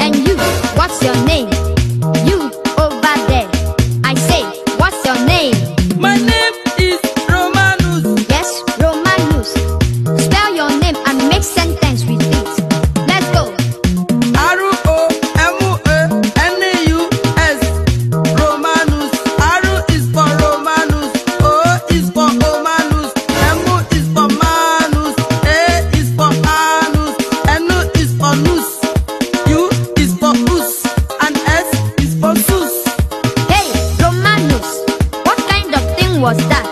And you, what's your name? You, was that?